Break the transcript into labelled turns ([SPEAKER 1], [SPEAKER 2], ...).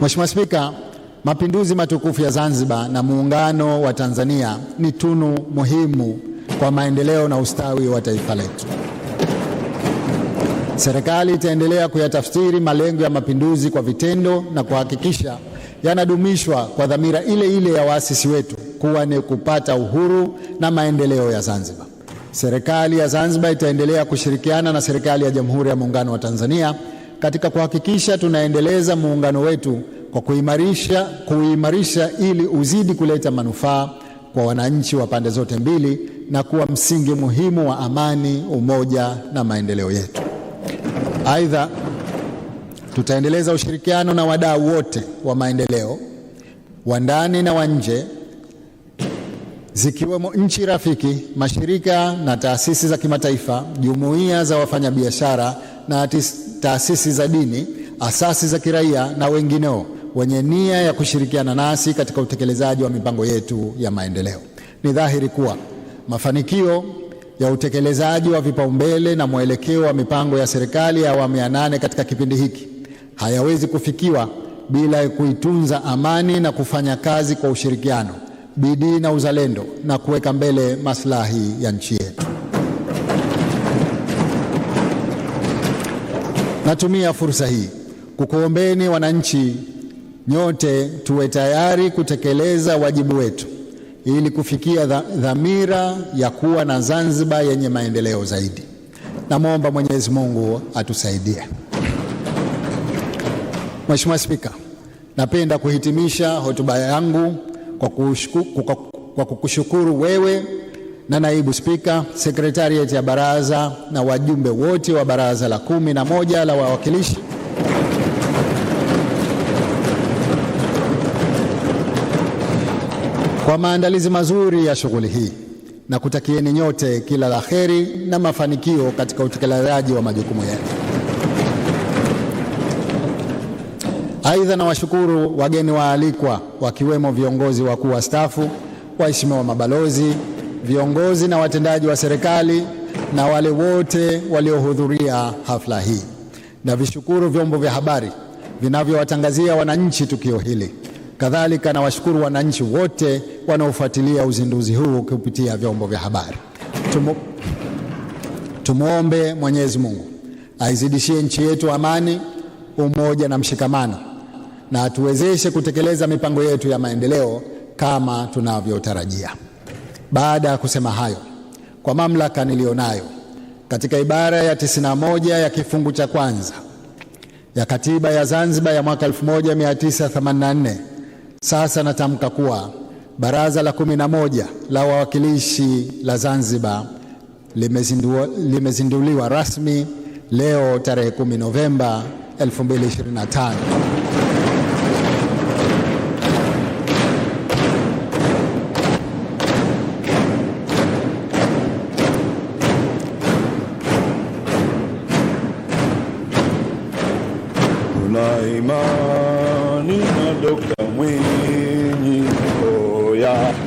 [SPEAKER 1] Mheshimiwa Spika, mapinduzi matukufu ya Zanzibar na muungano wa Tanzania ni tunu muhimu kwa maendeleo na ustawi wa taifa letu. Serikali itaendelea kuyatafsiri malengo ya mapinduzi kwa vitendo na kuhakikisha yanadumishwa kwa dhamira ile ile ya waasisi wetu kuwa ni kupata uhuru na maendeleo ya Zanzibar. Serikali ya Zanzibar itaendelea kushirikiana na serikali ya Jamhuri ya Muungano wa Tanzania katika kuhakikisha tunaendeleza muungano wetu kwa kuimarisha, kuimarisha ili uzidi kuleta manufaa kwa wananchi wa pande zote mbili na kuwa msingi muhimu wa amani, umoja na maendeleo yetu. Aidha, tutaendeleza ushirikiano na wadau wote wa maendeleo wa ndani na wa nje zikiwemo nchi rafiki, mashirika na taasisi za kimataifa, jumuiya za wafanyabiashara na taasisi za dini, asasi za kiraia na wengineo wenye nia ya kushirikiana nasi katika utekelezaji wa mipango yetu ya maendeleo. Ni dhahiri kuwa mafanikio ya utekelezaji wa vipaumbele na mwelekeo wa mipango ya serikali ya awamu ya nane katika kipindi hiki hayawezi kufikiwa bila kuitunza amani na kufanya kazi kwa ushirikiano, bidii na uzalendo na kuweka mbele maslahi ya nchi yetu. Natumia fursa hii kukuombeni wananchi nyote tuwe tayari kutekeleza wajibu wetu ili kufikia dhamira ya kuwa na Zanzibar yenye maendeleo zaidi. Namwomba Mwenyezi Mungu atusaidie.
[SPEAKER 2] Mheshimiwa Spika, napenda kuhitimisha hotuba yangu kwa kukushukuru wewe na naibu spika, sekretarieti ya baraza na wajumbe wote wa baraza la kumi na moja la wawakilishi kwa maandalizi mazuri ya shughuli hii na kutakieni nyote kila la heri na mafanikio katika utekelezaji wa majukumu yenu. Aidha, na washukuru wageni waalikwa wakiwemo viongozi wakuu wastaafu, waheshimiwa mabalozi viongozi na watendaji wa serikali na wale wote waliohudhuria hafla hii. Navishukuru vyombo vya habari vinavyowatangazia wananchi tukio hili. Kadhalika nawashukuru wananchi wote wanaofuatilia uzinduzi huu kupitia vyombo vya habari. Tumu, tumwombe Mwenyezi Mungu aizidishie nchi yetu amani, umoja na mshikamano na atuwezeshe kutekeleza mipango yetu ya maendeleo kama tunavyotarajia. Baada ya kusema hayo, kwa mamlaka niliyonayo katika ibara ya 91 ya kifungu cha kwanza ya katiba ya Zanzibar ya mwaka 1984, sasa natamka kuwa Baraza la 11 la Wawakilishi la Zanzibar limezinduliwa rasmi leo tarehe 10 Novemba 2025. Tuna imani na Dokta oh Oya.